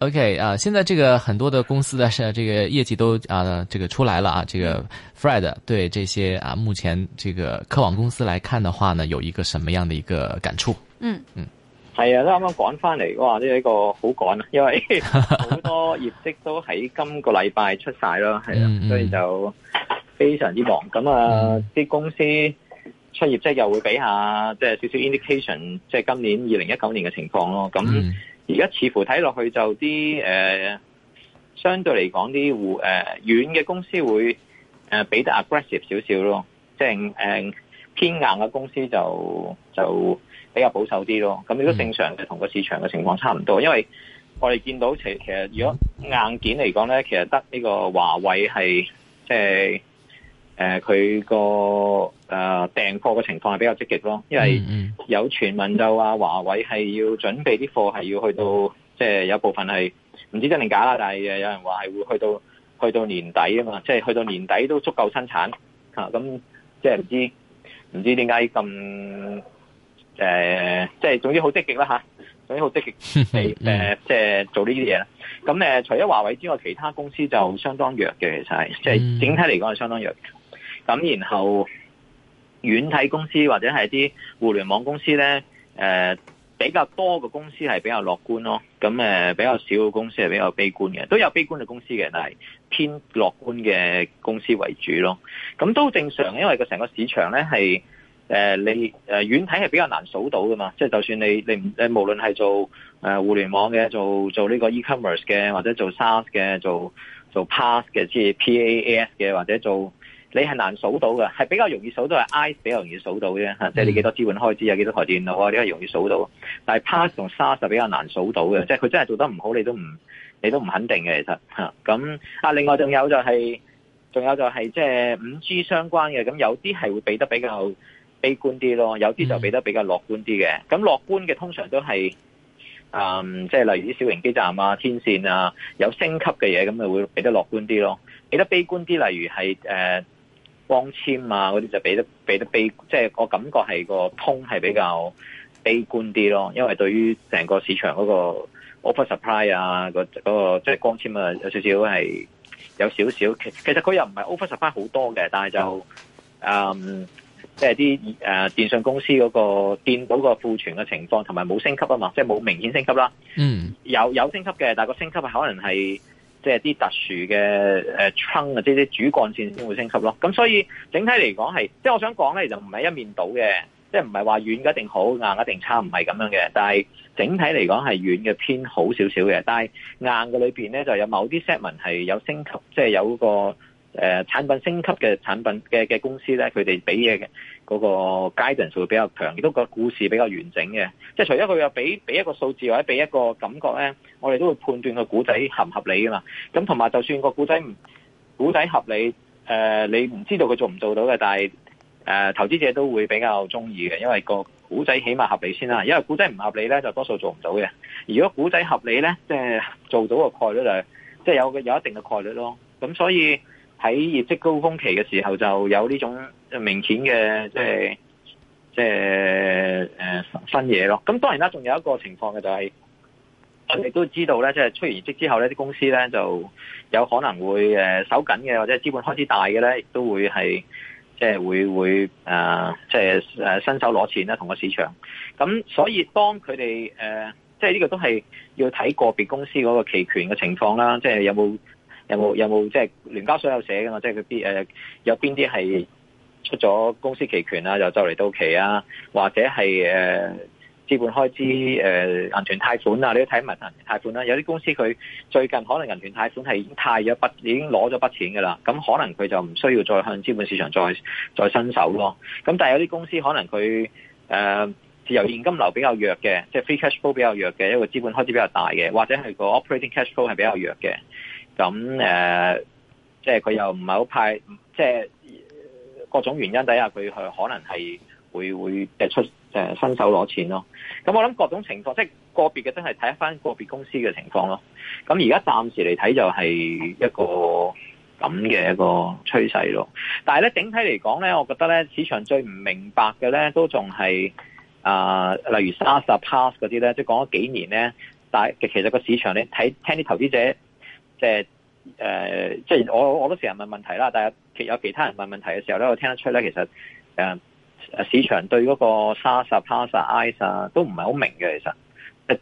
OK 啊，現在這個很多的公司的，是這個業績都啊，這個出來了啊。這個 Fred 對這些啊，目前這個科網公司來看的話呢，有一個什麼樣的一個感觸？嗯嗯，係、嗯、啊，都啱啱趕翻嚟，哇，呢、這、一個好趕啊，因為好多業績都喺今個禮拜出晒咯，係 啊，所以就非常之忙。咁啊，啲、嗯、公司出業績又會俾下，即係少少 indication，即係今年二零一九年嘅情況咯，咁。嗯而家似乎睇落去就啲誒、呃、相對嚟講啲互誒軟嘅公司會誒俾、呃、得 aggressive 少少咯，即係誒、呃、偏硬嘅公司就就比較保守啲咯。咁亦都正常嘅，同個市場嘅情況差唔多。因為我哋見到其其實如果硬件嚟講咧，其實得呢個華為係即係誒佢個。呃誒，訂貨嘅情況係比較積極咯，因為有傳聞就話華為係要準備啲貨，係要去到即係有部分係唔知真定假啦，但係有人話係會去到去到年底啊嘛，即係去到年底都足夠生產吓，咁即係唔知唔知點解咁誒，即係、啊、總之好積極啦吓，總之好積極嚟，誒，即係做呢啲嘢。咁、啊、誒，除咗華為之外，其他公司就相當弱嘅，其實係即係整體嚟講係相當弱嘅。咁、啊、然後。軟體公司或者係啲互聯網公司咧，誒、呃、比較多嘅公司係比較樂觀咯，咁誒比較少嘅公司係比較悲觀嘅，都有悲觀嘅公司嘅，但係偏樂觀嘅公司為主咯。咁都正常，因為個成個市場咧係誒你誒軟體係比較難數到噶嘛，即係就算你你唔誒無論係做誒互聯網嘅，做做呢個 e-commerce 嘅，或者做 SaaS 嘅，做做 pas 嘅，即係 PaaS 嘅，或者做。你係難數到嘅，係比較容易數到係 I 比較容易數到啫嚇，即係你幾多資本開支啊，幾多台電腦呢個容易數到的。但係 PaaS 同 SaaS 比較難數到嘅，即係佢真係做得唔好，你都唔你都唔肯定嘅其實嚇。咁啊，另外仲有就係、是，仲有就係即係五 G 相關嘅，咁有啲係會俾得比較悲觀啲咯，有啲就俾得比較樂觀啲嘅。咁樂觀嘅通常都係，嗯，即係例如啲小型基站啊、天線啊有升級嘅嘢，咁就會俾得樂觀啲咯，俾得悲觀啲，例如係誒。呃光纖啊那些比得，嗰啲就俾得俾得悲，即、就、係、是、我感覺係個通係比較悲觀啲咯。因為對於成個市場嗰個 over supply 啊，嗰嗰、那個即係光纖啊，有少少係有少少。其其實佢又唔係 over supply 好多嘅，但係就啊，即係啲誒電信公司嗰、那個見到個庫存嘅情況，同埋冇升級啊嘛，即係冇明顯升級啦。嗯，有有升級嘅，但係個升級係可能係。即係啲特殊嘅誒 trunk 啊，即係啲主幹線先會升級咯。咁所以整體嚟講係，即係我想講咧，就唔係一面倒嘅，即係唔係話軟嘅一定好，硬一定差，唔係咁樣嘅。但係整體嚟講係軟嘅偏好少少嘅，但係硬嘅裏邊咧就有某啲 segment 係有升級，即係有嗰個。誒、呃、產品升級嘅產品嘅嘅公司咧，佢哋俾嘢嘅嗰個 guidance 就會比較強，亦都個故事比較完整嘅。即係除咗佢有俾俾一個數字或者俾一個感覺咧，我哋都會判斷個古仔合唔合理㗎嘛。咁同埋就算個古仔唔古仔合理，誒、呃、你唔知道佢做唔做到嘅，但係誒、呃、投資者都會比較中意嘅，因為個古仔起碼合理先啦。因為古仔唔合理咧，就多數做唔到嘅。如果古仔合理咧，即係做到嘅概率就即係有有，有一定嘅概率咯。咁所以。喺業績高峰期嘅時候，就有呢種明顯嘅即係即係誒新嘢咯。咁當然啦，仲有一個情況嘅就係我哋都知道咧，即係出完業績之後咧，啲公司咧就有可能會誒手緊嘅，或者資本開支大嘅咧，亦都會係即係會會啊，即係誒伸手攞錢啦，同個市場。咁所以當佢哋誒，即係呢個都係要睇個別公司嗰個期權嘅情況啦，即係有冇？有冇有冇即係聯交所有寫㗎嘛？即係佢啲誒有邊啲係出咗公司期權啊？又就嚟到期啊？或者係誒資本開支誒銀團貸款啊？你都睇埋銀團貸款啦，啊。有啲公司佢最近可能銀團貸款係已經貸咗筆，已經攞咗筆錢㗎啦。咁可能佢就唔需要再向資本市場再再伸手咯。咁但係有啲公司可能佢誒、呃、自由現金流比較弱嘅，即係 free cash flow 比較弱嘅，一個資本開支比較大嘅，或者係個 operating cash flow 係比較弱嘅。咁誒、呃，即係佢又唔係好派，即係各種原因底下，佢係可能係會會即係出即係伸手攞錢咯。咁我諗各種情況，即係個別嘅真係睇翻個別公司嘅情況咯。咁而家暫時嚟睇就係一個咁嘅一個趨勢咯。但係咧整體嚟講咧，我覺得咧市場最唔明白嘅咧都仲係啊，例如沙士 pass 嗰啲咧，即係講咗幾年咧，但係其實個市場咧睇聽啲投資者。即係誒，即係我我都成日問問題啦。但係其有其他人問問題嘅時候咧，我聽得出咧，其實誒、呃，市場對嗰個 SaaS 啊、PaaS 啊、IaaS 啊，都唔係好明嘅。其實，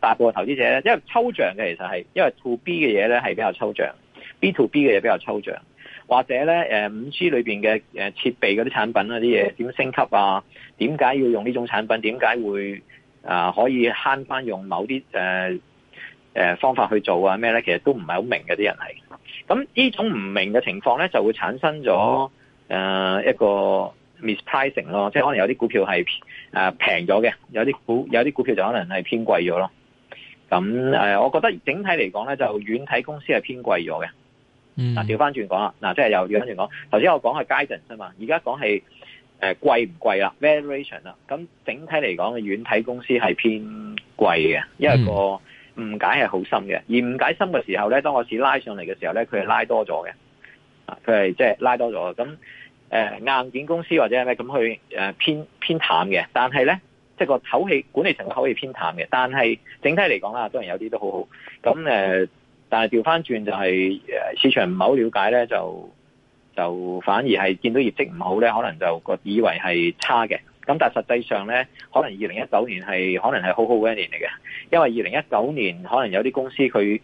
大部分投資者咧，因為抽象嘅其實係，因為 to B 嘅嘢咧係比較抽象，B to B 嘅嘢比較抽象，或者咧誒五 G 裏邊嘅誒設備嗰啲產品啦啲嘢，點升級啊？點解要用呢種產品？點解會啊、呃、可以慳翻用某啲誒？呃誒、呃，方法去做啊？咩咧？其實都唔係好明嘅啲人係，咁呢種唔明嘅情況咧，就會產生咗誒、呃、一個 mispricing 咯，即係可能有啲股票係誒平咗嘅，有啲股有啲股票就可能係偏貴咗咯。咁誒、呃，我覺得整體嚟講咧，就軟體公司係偏貴咗嘅。嗯。嗱，調翻轉講啦，嗱，即係又調翻轉講，頭先我講係 adjust 嘛，而家講係誒貴唔貴啦，valuation 啦。咁整體嚟講，軟體公司係偏貴嘅，因為、那個。嗯誤解係好深嘅，而誤解深嘅時候咧，當我試拉上嚟嘅時候咧，佢係拉多咗嘅，啊，佢係即係拉多咗。咁、呃、硬件公司或者咩咁佢偏偏淡嘅，但係咧，即係個口氣管理層口氣偏淡嘅，但係整體嚟講啦，當然有啲都好好。咁、呃、但係調翻轉就係、是、市場唔係好了解咧，就就反而係見到業績唔好咧，可能就個以為係差嘅。咁但係實際上咧，可能二零一九年係可能係好好嘅一年嚟嘅，因為二零一九年可能有啲公司佢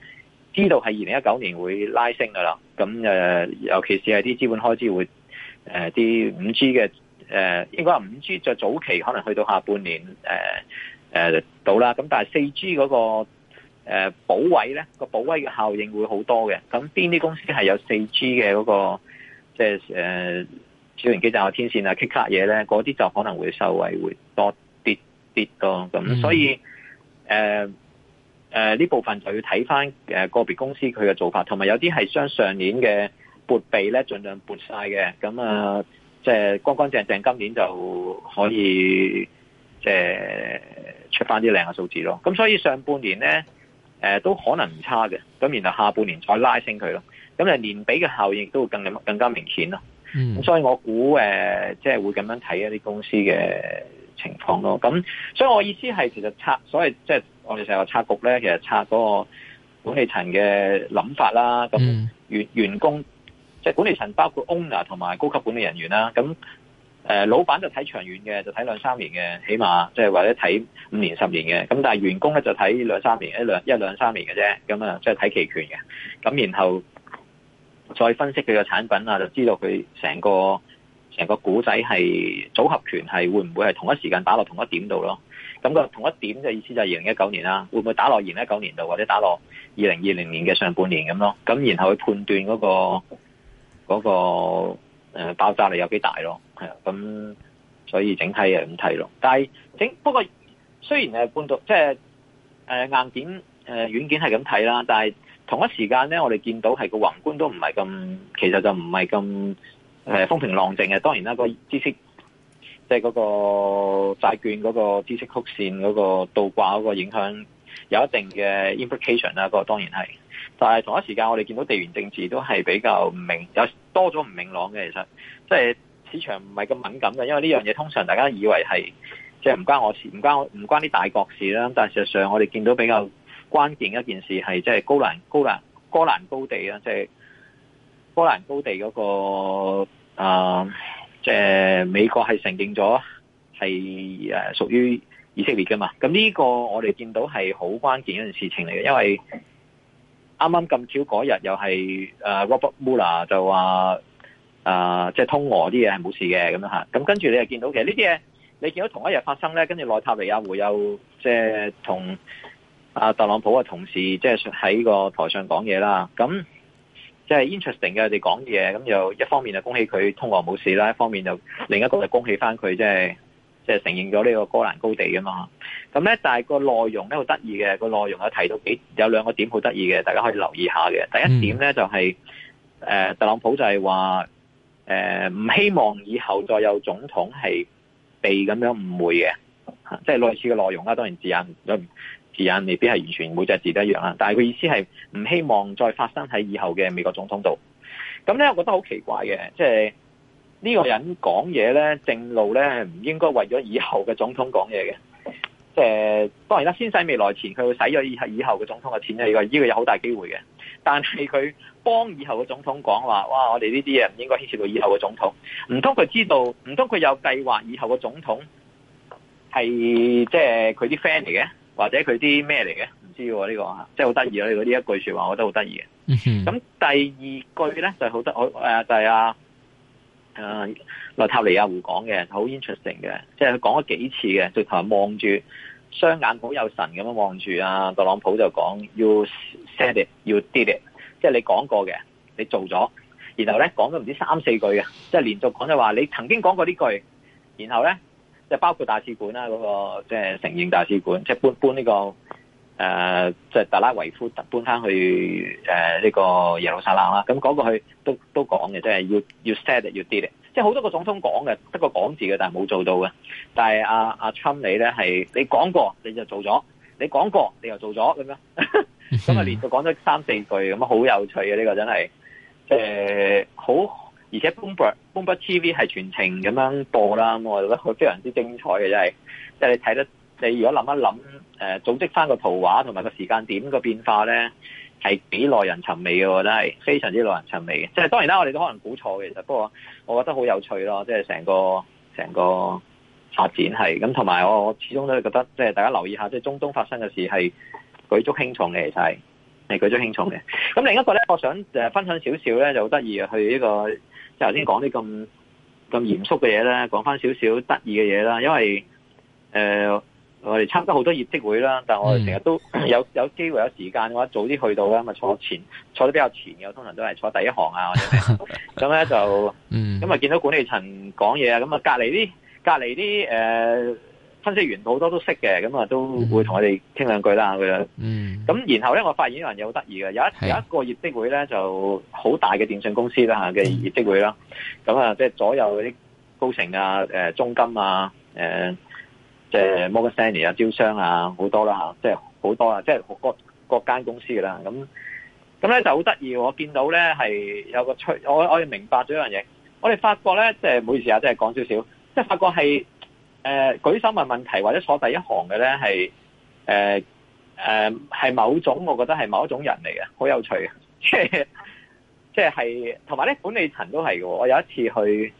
知道係二零一九年會拉升噶啦，咁誒，尤其是係啲資本開支會誒啲五 G 嘅誒、呃，應該話五 G 再早期可能去到下半年誒誒、呃呃、到啦是、那個，咁但係四 G 嗰個保位咧個保位嘅效應會好多嘅，咁邊啲公司係有四 G 嘅嗰、那個即係誒？就是呃小型基站有天線啊、K 卡嘢咧，嗰啲就可能會受惠，多跌，跌跌多咁，嗯、所以誒誒呢部分就要睇翻誒個別公司佢嘅做法，同埋有啲係將上年嘅撥備咧盡量撥曬嘅，咁啊即係乾乾淨淨，今年就可以即係、呃、出翻啲靚嘅數字咯。咁所以上半年咧、呃、都可能唔差嘅，咁然後下半年再拉升佢咯，咁啊年比嘅效應都會更更加明顯咯。嗯，所、呃就是，所以我估誒，即係會咁樣睇一啲公司嘅情況咯。咁所以是我意思係其實拆所謂即係我哋成日話拆局咧，其實拆嗰個管理層嘅諗法啦。咁員員工即係管理層，包括 owner 同埋高級管理人員啦。咁、呃、老闆就睇長遠嘅，就睇兩三年嘅，起碼即係、就是、或者睇五年十年嘅。咁但係員工咧就睇兩三年，一兩一兩三年嘅啫。咁啊，即係睇期權嘅。咁然後。再分析佢嘅產品啊，就知道佢成個成個股仔係組合拳係會唔會係同一時間打落同一點度咯？咁、嗰個同一點嘅意思就係二零一九年啦，會唔會打落二零一九年度或者打落二零二零年嘅上半年咁咯？咁然後去判斷嗰、嗰個嗰、嗰個、爆炸力有幾大咯？係啊，咁所以整體係咁睇咯。但係整不過雖然誒半導即係誒硬件誒、呃、軟件係咁睇啦，但係。同一時間咧，我哋見到係個宏觀都唔係咁，其實就唔係咁誒風平浪靜嘅。當然啦，嗰個孳息即係嗰個債券嗰個孳息曲線嗰個倒掛嗰個影響有一定嘅 implication 啦。嗰個當然係，但係同一時間我哋見到地緣政治都係比較唔明有多咗唔明朗嘅，其實即係、就是、市場唔係咁敏感嘅，因為呢樣嘢通常大家都以為係即係唔關我事，唔關我唔關啲大國事啦。但係事實上我哋見到比較。關鍵一件事係即係高蘭高蘭高蘭高地啊，即係高蘭高地嗰，那個啊，即、呃、係、就是、美國係承認咗係誒屬於以色列噶嘛？咁呢個我哋見到係好關鍵一件事情嚟嘅，因為啱啱咁巧嗰日又係誒 Robert Mueller 就話誒即係通俄啲嘢係冇事嘅咁樣吓，咁跟住你又見到其實呢啲嘢你見到同一日發生咧，跟住內塔尼亞胡又即係同。啊，特朗普嘅同事即係喺個台上講嘢啦，咁即係 interesting 嘅，佢哋講嘢，咁又一方面就恭喜佢通俄冇事啦，一方面就另一個就恭喜翻佢即係即係承認咗呢個戈蘭高地㗎嘛，咁咧但係個內容咧好得意嘅，個內容有提到幾有兩個點好得意嘅，大家可以留意下嘅。第一點咧就係、是、誒、呃、特朗普就係話誒唔希望以後再有總統係被咁樣誤會嘅，即、就、係、是、類似嘅內容啦，當然字眼。嗯字眼，未必係完全每隻字都一樣，但係佢意思係唔希望再發生喺以後嘅美國總統度。咁咧，我覺得好奇怪嘅，即係呢個人講嘢咧，正路咧唔應該為咗以後嘅總統講嘢嘅。即係當然啦，先使未來前，佢會洗咗以後嘅總統嘅錢呢依個依個有好大機會嘅。但係佢幫以後嘅總統講話，哇！我哋呢啲嘢唔應該牽涉到以後嘅總統。唔通佢知道？唔通佢有計劃？以後嘅總統係即係佢啲 friend 嚟嘅？或者佢啲咩嚟嘅？唔知呢、啊這個吓，即係好得意咯！佢呢一句說話，我覺得好得意嘅。咁、mm hmm. 第二句咧就好、是、得，我誒就係阿誒內塔尼亞胡講嘅，好 interesting 嘅，即係佢講咗幾次嘅，就同人望住雙眼好有神咁樣望住啊。特朗普就講，You said it, you did it，即係你講過嘅，你做咗。然後咧講咗唔知三四句嘅，即係連續講就話你曾經講過呢句，然後咧。即係包括大使館啦，嗰、那個即係、就是、承認大使館，即、就、係、是、搬搬呢、這個誒，即係特拉維夫特搬翻去誒呢、呃這個耶路撒冷啦。咁、那、嗰個去都都講嘅，即係要要 said 要 did 嘅，即係好多個總統講嘅，得個講字嘅，但係冇做到嘅。但係阿阿 Trump 你呢係，你講過你就做咗，你講過你又做咗咁樣，咁 啊連續講咗三四句，咁啊好有趣嘅、啊、呢、這個真係誒好。呃而且 Bloomberg Bloomberg TV 係全程咁樣播啦，我覺得佢非常之精彩嘅真係，即係你睇得你如果諗一諗，誒組織返個圖畫同埋個時間點個變化咧，係幾耐人尋味嘅，我覺得係非常之耐人尋味嘅。即係當然啦，我哋都可能估錯嘅，其實不過我覺得好有趣咯，即係成個成個發展係咁，同埋我我始終都係覺得，即係大家留意下，即係中東發生嘅事係舉足輕重嘅，其實係係舉足輕重嘅。咁另一個咧，我想誒分享少少咧就好得意啊，去呢個。即係頭先講啲咁咁嚴肅嘅嘢啦，講翻少少得意嘅嘢啦，因為誒、呃、我哋參加好多業績會啦，但係我哋成日都有、呃、有機會有時間嘅話，早啲去到啦，咪坐前坐得比較前嘅，通常都係坐第一行啊。咁咧 就咁啊，就見到管理層講嘢啊，咁啊隔離啲隔離啲誒。呃分析員好多都識嘅，咁啊都會同我哋傾兩句啦，佢啊。嗯。咁然後咧，我發現呢樣嘢好得意嘅。有一有一個業績會咧，就好大嘅電信公司啦嚇嘅業績會啦。咁啊，即係左右嗰啲高盛啊、中金啊、即、嗯、係、即係、摩根士丹尼啊、招商啊，好多啦嚇，即係好多啦即係各各間公司啦。咁咁咧就好得意，我見到咧係有個趨，我我哋明白咗一樣嘢。我哋發覺咧，即係唔好意思啊，即係講少少，即係發覺係。誒舉手問問題或者坐第一行嘅咧，係誒誒係某種，我覺得係某一種人嚟嘅，好有趣嘅，即係即係同埋咧，管理層都係嘅。我有一次去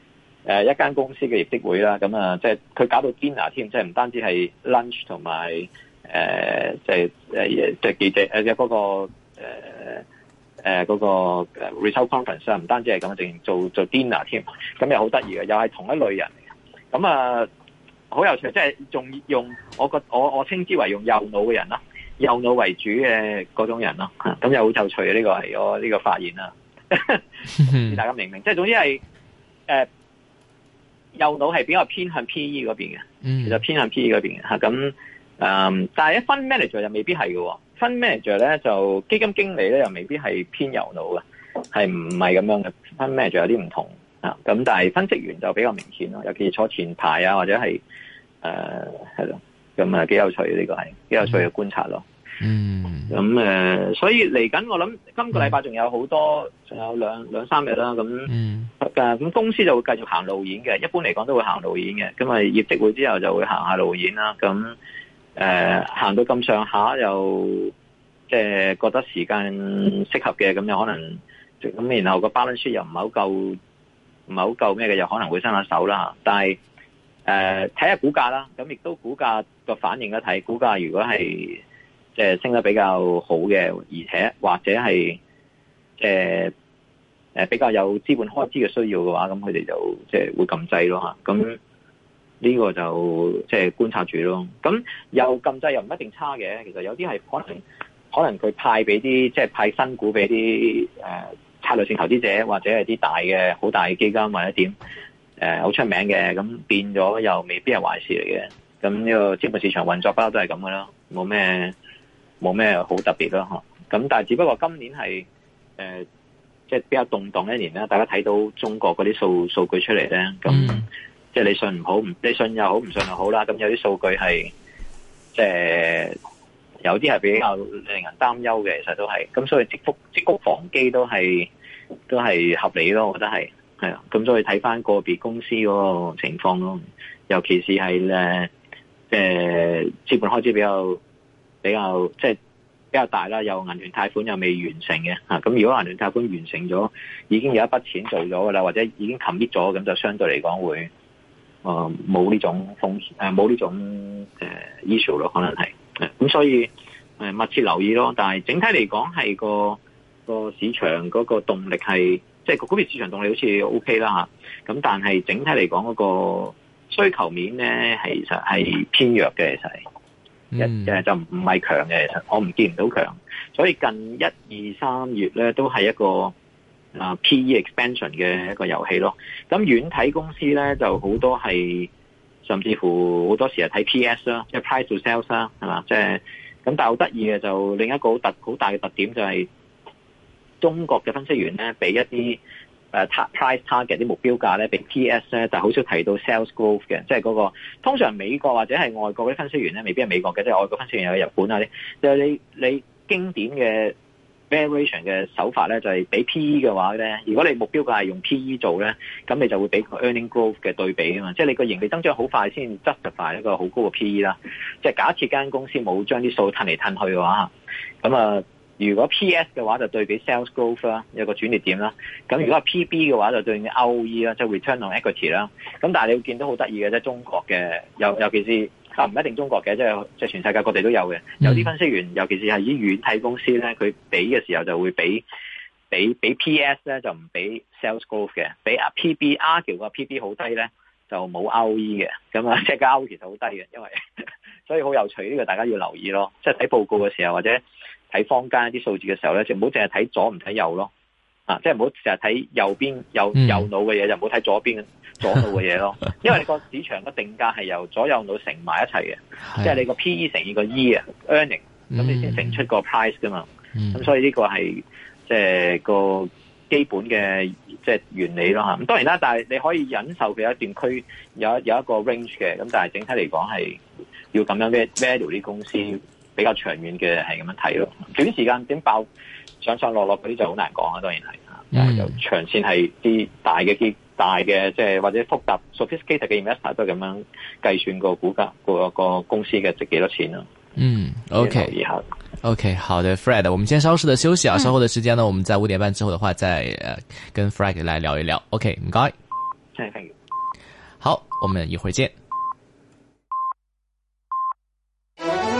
誒一間公司嘅業績會啦，咁啊，即係佢搞到 dinner 添，即係唔單止係 lunch 同埋誒即係誒即記者誒嘅嗰個誒誒嗰個 research conference 啊，唔單止係咁，仲做做 dinner 添，咁又好得意嘅，又係同一類人嚟嘅，咁啊。好有趣，即係仲用我覺我我稱之為用右腦嘅人咯，右腦為主嘅嗰種人咯，咁又好有趣嘅呢、這個係、這個、我呢、這個發現啦， 大家明唔明？即係總之係誒右腦係比較偏向 PE 嗰邊嘅，嗯、其實偏向 PE 嗰邊嘅吓。咁誒、嗯，但係一分 manager 就未必係嘅，分 manager 咧就基金經理咧又未必係偏右腦嘅，係唔係咁樣嘅？分 manager 有啲唔同啊，咁、嗯、但係分析員就比較明顯咯，尤其坐前排啊或者係。誒，係咯、呃，咁啊，幾有趣呢個係，幾有趣嘅觀察咯。嗯，咁誒、嗯嗯呃，所以嚟緊我諗今個禮拜仲有好多，仲有兩兩三日啦。咁、嗯、咁、嗯嗯、公司就會繼續行路演嘅，一般嚟講都會行路演嘅。咁、嗯、啊，業績會之後就會行下路演啦。咁、嗯、誒，行、呃、到咁上下又即係覺得時間適合嘅，咁、嗯、又、嗯、可能咁，然後個 balance 又唔係好夠，唔係好夠咩嘅，又可能會伸下手啦。但係。誒，睇下、呃、股價啦，咁亦都股價個反應一睇，股價如果係即係升得比較好嘅，而且或者係誒誒比較有資本開支嘅需要嘅話，咁佢哋就即係會撳掣咯吓，咁呢個就即係觀察住咯。咁又撳掣又唔一定差嘅，其實有啲係可能可能佢派俾啲即係派新股俾啲誒策略性投資者，或者係啲大嘅好大嘅基金或者點。誒，好、呃、出名嘅，咁變咗又未必係壞事嚟嘅。咁呢個資本市場運作包都係咁嘅咯，冇咩冇咩好特別咯，咁但係只不過今年係誒，即、呃、係、就是、比較動蕩一年啦。大家睇到中國嗰啲數數據出嚟咧，咁即係你信唔好唔，你信又好唔信又好啦。咁有啲數據係即係有啲係比較令人擔憂嘅，其實都係。咁所以積福積穀防饑都係都係合理咯，我覺得係。係，咁所以睇翻個別公司嗰個情況咯，尤其是係誒、呃，即係資本開支比較比較即係比較大啦，有銀團貸款又未完成嘅嚇，咁、啊、如果銀團貸款完成咗，已經有一筆錢做咗噶啦，或者已經冚啲咗，咁就相對嚟講會誒冇呢種風險，冇、呃、呢種誒 issue 咯，可能係，咁所以誒、呃、密切留意咯，但係整體嚟講係個個市場嗰個動力係。即係股票市場動力好似 O K 啦嚇，咁但係整體嚟講嗰個需求面咧，其實係偏弱嘅，其實，誒就唔係強嘅，其實我唔見唔到強，所以近一、二、三月咧都係一個啊 P E expansion 嘅一個遊戲咯。咁軟體公司咧就好多係甚至乎好多時係睇 P S 啦，即係 price to sales 啦，係嘛？即係咁，但係好得意嘅就另一個好特好大嘅特點就係、是。中國嘅分析員咧，俾一啲誒 price target 啲目標價咧，俾 PS 咧，就好少提到 sales growth 嘅，即係嗰個通常美國或者係外國啲分析員咧，未必係美國嘅，即係外國分析員有日本啊啲。就你你經典嘅 valuation 嘅手法咧，就係俾 PE 嘅話咧，如果你目標價係用 PE 做咧，咁你就會俾 earning growth 嘅對比啊嘛，即係你個盈利增長好快先 justify 一個好高嘅 PE 啦。即係假設間公司冇將啲數褪嚟褪去嘅話，咁啊。如果 P/S 嘅話，就對比 sales growth 啦，有個轉捩點啦。咁如果係 P/B 嘅話，就對應 ROE 啦，即 return on equity 啦。咁但係你會見到好得意嘅，即中國嘅，尤尤其是啊唔一定中國嘅，即係即全世界各地都有嘅。有啲分析員，尤其是係依遠睇公司咧，佢比嘅時候就會比比比 P/S 咧就唔比 sales growth 嘅，比 P/B，嗰個 P/B 好低咧就冇 ROE 嘅。咁、嗯、啊，即係個 ROE 其實好低嘅，因為所以好有趣呢、呢個，大家要留意咯，即係睇報告嘅時候或者。睇坊間一啲數字嘅時候咧，就唔好淨係睇左唔睇右咯，啊，即係唔好淨係睇右邊右右腦嘅嘢，就唔好睇左邊左腦嘅嘢咯。 因為你個市場嘅定價係由左右腦乘埋一齊嘅， 即係你個 P E 乘以個 E 啊，earning，咁 你先乘出個 price 噶嘛。咁 所以呢個係即係個基本嘅即係原理咯吓。咁當然啦，但係你可以忍受佢一段區有一有一個 range 嘅，咁但係整體嚟講係要咁樣 value 啲公司。比較長遠嘅係咁樣睇咯，短時間點爆上上落落嗰啲就好難講啊，當然係。嗯、但係就長線係啲大嘅啲大嘅，即係或者複雜 sophisticated 嘅 investor 都咁樣計算個股價個個公司嘅值幾多錢咯。嗯，OK，好，OK，好的，Fred，我們先稍事的休息啊，嗯、稍後的時間呢，我們在五點半之後的話再跟 Fred 來聊一聊。OK，唔該，thank you，好，我們一會見。